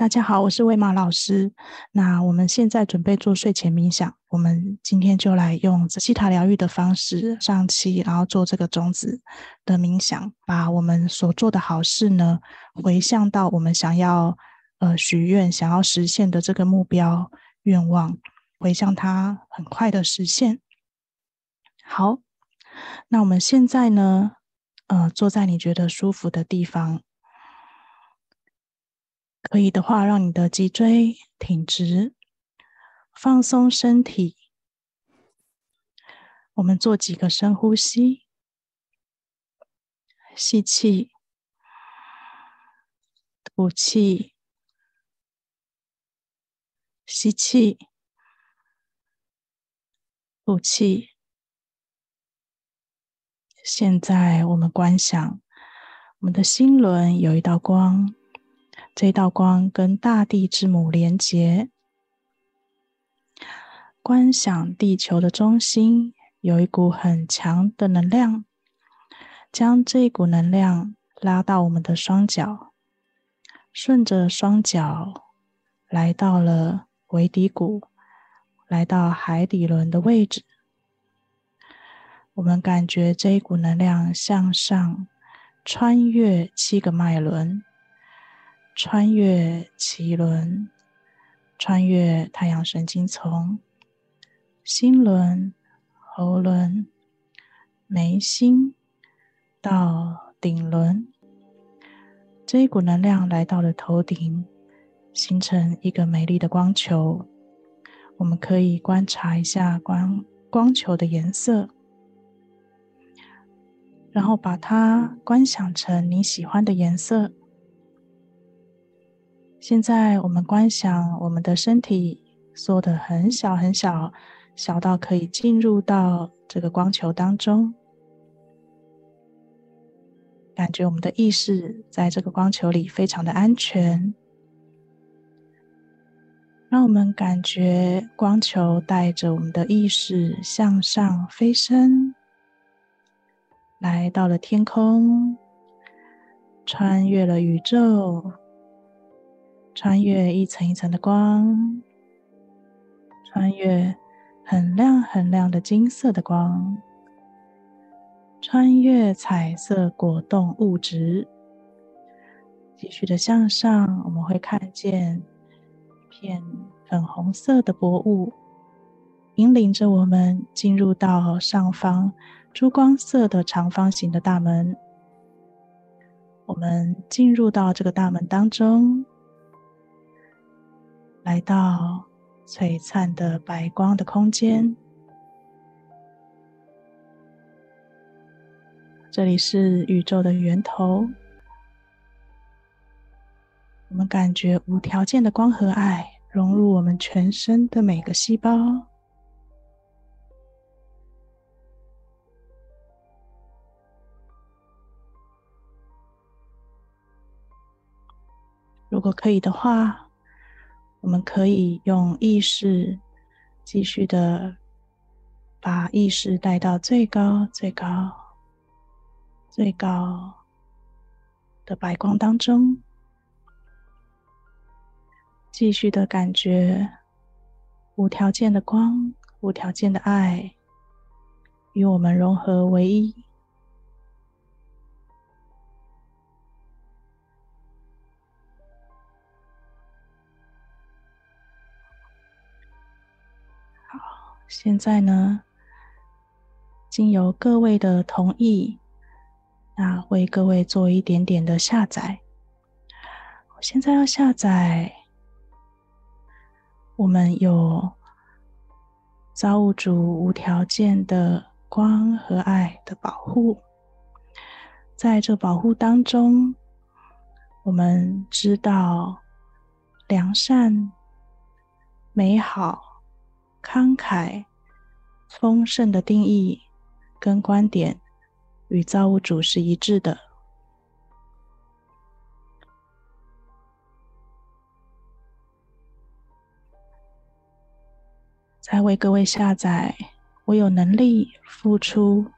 大家好，我是葳瑪老師。那我們現在準備做睡前冥想。我們今天就來用希塔療癒的方式上七，然後做這個種子的冥想，把我們所做的好事呢，回向到我們想要呃許願、想要實現的這個目標願望，回向它很快的實現。好，那我們現在呢，呃，坐在你覺得舒服的地方。可以的話，讓你的脊椎挺直，放鬆身體。我們做幾個深呼吸。吸氣，吐氣，吸氣，吐氣。現在我們觀想，我們的心輪有一道光。這道光跟大地之母連結，觀想地球的中心有一股很強的能量，將這股能量拉到我們的雙腳，順着雙腳來到了尾骶骨，來到海底輪的位置。我們感覺這一股能量向上穿越七個脈輪。穿越臍輪，穿越太陽神經叢、心輪、喉輪、眉心到頂輪，這一股能量來到了頭頂，形成一個美麗的光球。我們可以觀察一下光光球的顏色，然後把它觀想成你喜歡的顏色。現在我們觀想我們的身體縮得很小很小，小到可以進入到這個光球當中，感覺我們的意識在這個光球裡非常的安全。讓我們感覺光球帶着我們的意識向上飛升，來到了天空，穿越了宇宙。穿越一層一層的光，穿越很亮很亮的金色的光，穿越彩色果凍物質，繼續的向上，我們會看見一片粉紅色的薄霧，引領着我們進入到上方珠光色的長方形的大門。我們進入到這個大門當中。來到璀璨的白光的空間，這裡是宇宙的源頭。我們感覺無條件的光和愛融入我們全身的每個細胞。如果可以的話。我們可以用意識，繼續的把意識帶到最高、最高、最高的白光當中，繼續的感覺無條件的光、無條件的愛，與我們融合為一。現在呢，經由各位的同意，那為各位做一點點的下載。我現在要下載，我們有造物主無條件的光和愛的保護，在這保護當中，我們知道良善、美好。慷慨、豐盛的定義跟觀點，與造物主是一致的。再為各位下載，我有能力付出，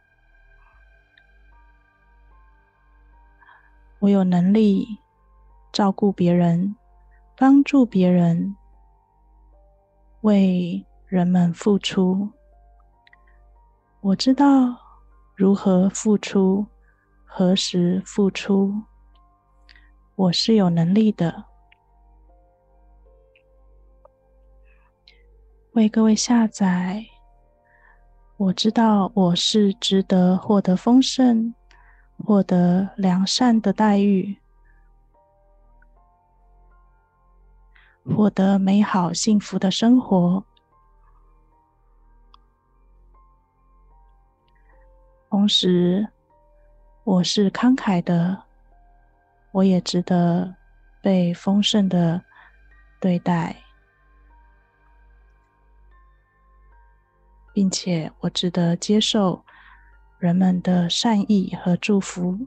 我有能力照顧別人，幫助別人，為。人們付出，我知道如何付出，何時付出，我是有能力的。為各位下載，我知道我是值得獲得豐盛、獲得良善的待遇、獲得美好幸福的生活。同時，我是慷慨的，我也值得被豐盛的對待，並且我值得接受人們的善意和祝福。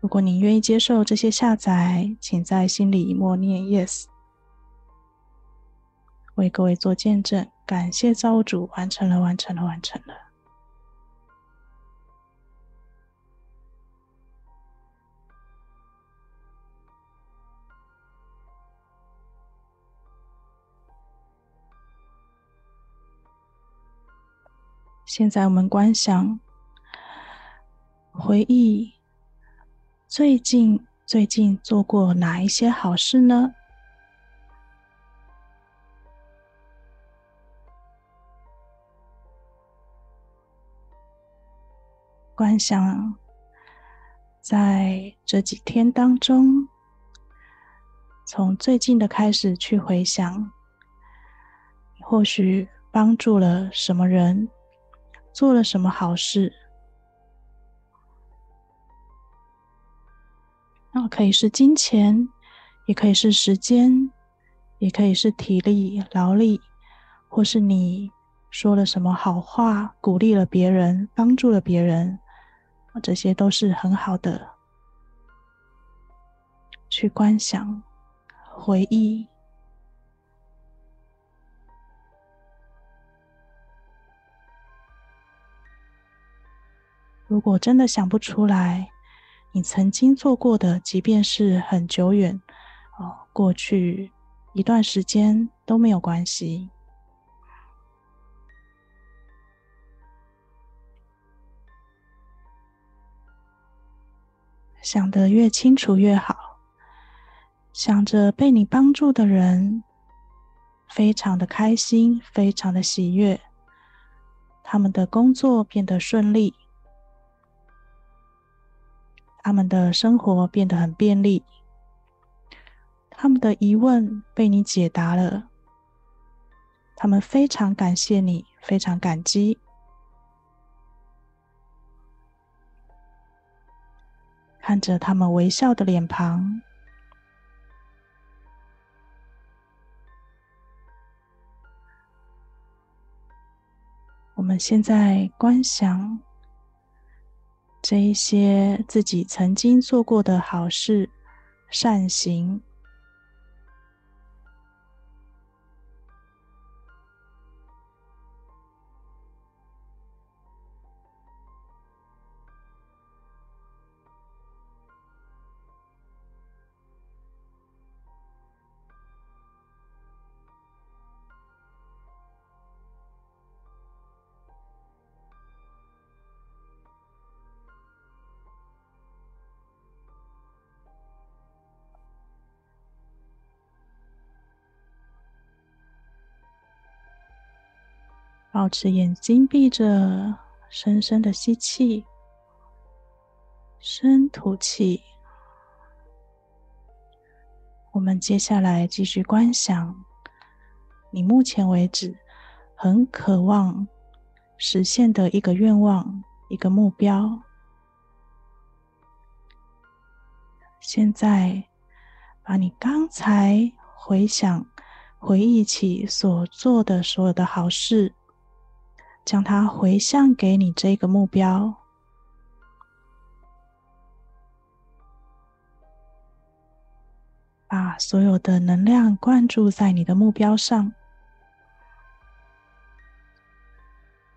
如果您願意接受這些下載，請在心裡默念 Yes。為各位做見證，感謝造物主，完成了，完成了，完成了。現在我們觀想，回憶最近最近做過哪一些好事呢？想在這幾天當中，從最近的開始去回想，或許幫助了什麼人，做了什麼好事。那可以是金錢，也可以是時間，也可以是體力、勞力，或是你說了什麼好話，鼓勵了別人，幫助了別人。這些都是很好的，去觀想、回憶。如果真的想不出來，你曾經做過的，即便是很久遠，哦，過去一段時間都沒有關係。想得越清楚越好。想着被你幫助的人，非常的開心，非常的喜悅。他們的工作變得順利，他們的生活變得很便利，他們的疑問被你解答了。他們非常感謝你，非常感激。看着他們微笑的臉龐，我們現在觀想這一些自己曾經做過的好事、善行。保持眼睛閉着，深深的吸氣，深吐氣。我們接下來繼續觀想你目前為止很渴望實現的一個願望、一個目標。現在，把你剛才回想、回憶起所做的所有的好事。將它回向給你這個目標，把所有的能量灌注在你的目標上。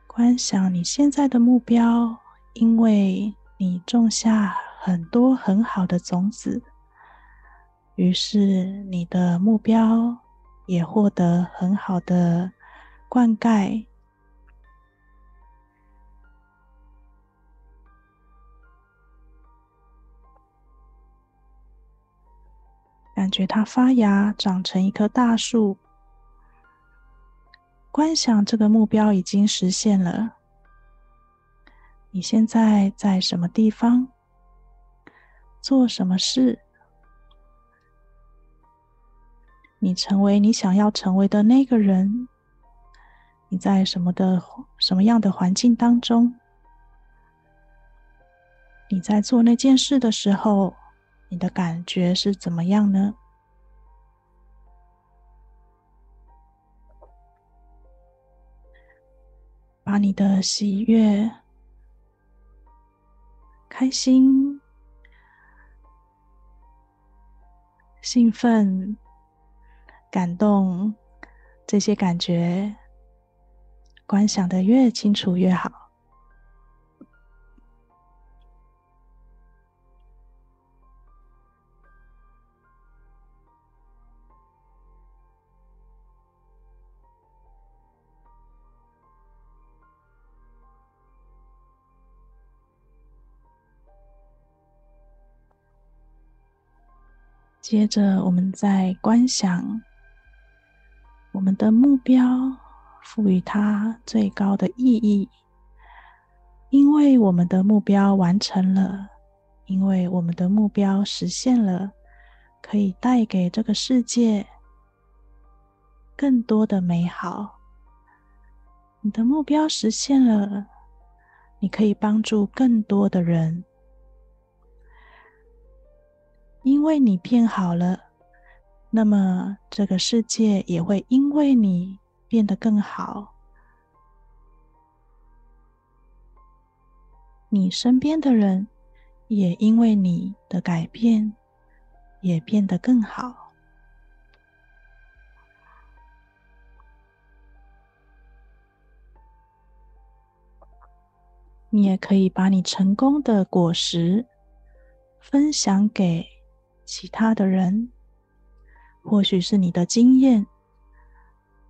觀想你現在的目標，因為你種下很多很好的種子，於是你的目標也獲得很好的灌溉。感覺它發芽，長成一棵大樹。觀想這個目標已經實現了。你現在在什麼地方？做什麼事？你成為你想要成為的那個人？你在什麼的，什麼樣的環境當中？你在做那件事的時候，你的感覺是怎麼樣呢？把你的喜悅、開心、興奮、感動這些感覺觀想得越清楚越好。接着，我們在觀想我們的目標，賦予它最高的意義。因為我們的目標完成了，因為我們的目標實現了，可以帶給這個世界更多的美好。你的目標實現了，你可以幫助更多的人。因為你變好了，那麼這個世界也會因為你變得更好。你身邊的人也因為你的改變也變得更好。你也可以把你成功的果實分享給其他的人，或許是你的經驗，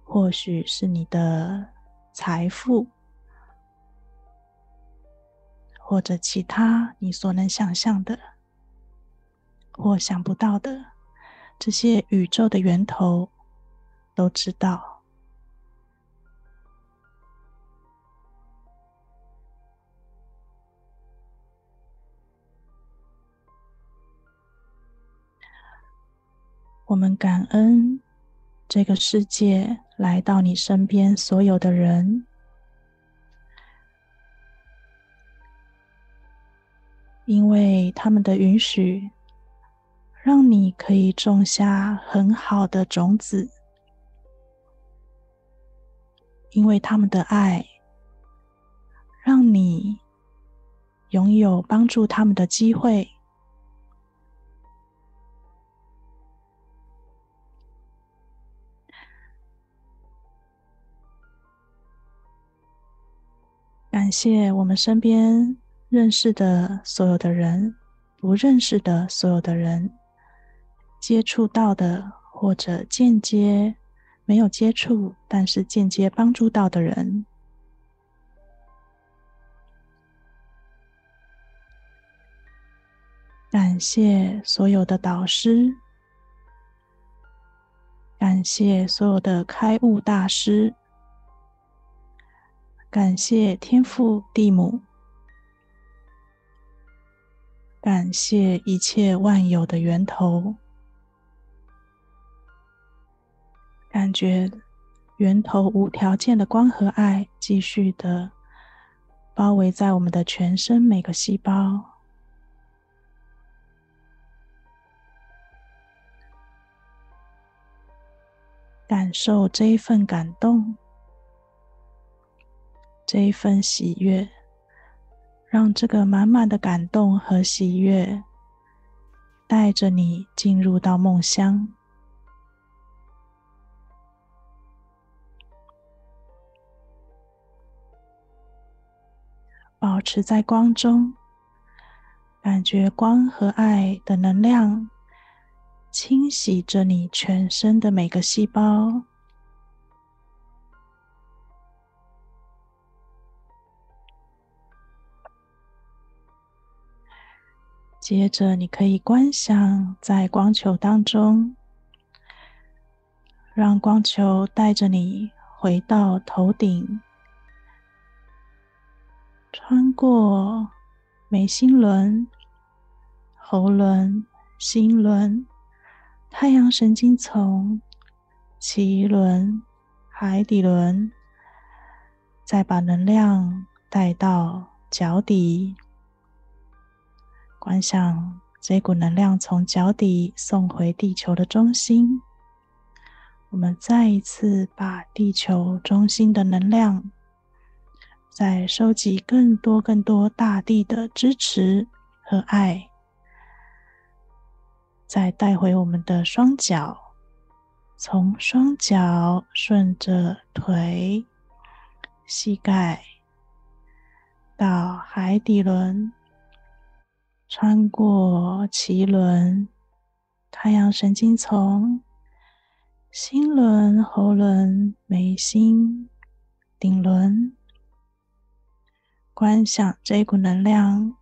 或許是你的財富，或者其他你所能想象的，或想不到的，這些宇宙的源頭，都知道。我們感恩這個世界來到你身邊所有的人，因為他們的允許，讓你可以種下很好的種子。因為他們的愛，讓你擁有幫助他們的機會。感謝我們身邊認識的所有的人，不認識的所有的人，接觸到的或者間接沒有接觸，但是間接幫助到的人。感謝所有的導師，感謝所有的開悟大師。感謝天父地母，感謝一切萬有的源頭，感覺源頭無條件的光和愛，繼續的包圍在我們的全身每個細胞，感受這一份感動。這一份喜悅，讓這個滿滿的感動和喜悅，帶着你進入到夢鄉。保持在光中，感覺光和愛的能量清洗着你全身的每個細胞。接着，你可以觀想在光球當中，讓光球帶着你回到頭頂，穿過眉心輪、喉輪、心輪、太陽神經叢、臍輪、海底輪，再把能量帶到腳底。觀想這股能量從腳底送回地球的中心，我們再一次把地球中心的能量，再收集更多更多大地的支持和愛，再帶回我們的雙腳，從雙腳順着腿、膝蓋到海底輪。穿過臍輪、太陽神經叢、心輪、喉輪、眉心、頂輪，觀想這一股能量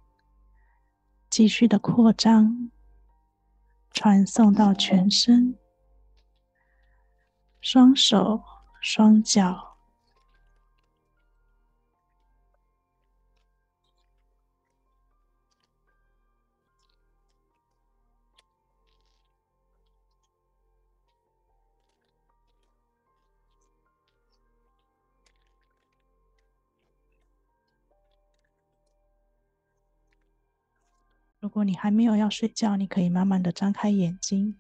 繼續的擴張，傳送到全身，雙手、雙腳。如果你還沒有要睡覺，你可以慢慢的張開眼睛。